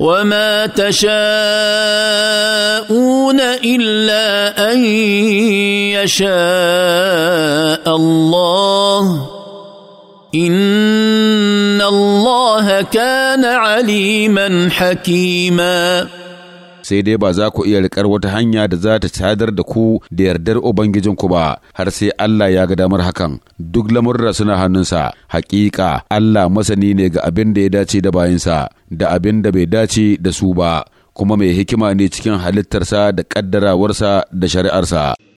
وما تشاءون الا ان يشاء الله ان الله كان عليما حكيما sai dai ba za ku iya riƙar wata hanya da za ta sadar da ku da yardar Ubangijinku ba, har sai Allah ya ga damar hakan. Duk lamurra suna hannunsa, hakika Allah masani ne ga abin da ya dace da bayinsa da abin da bai dace da su ba, kuma mai hikima ne cikin halittarsa da ƙaddarawarsa da shari'arsa.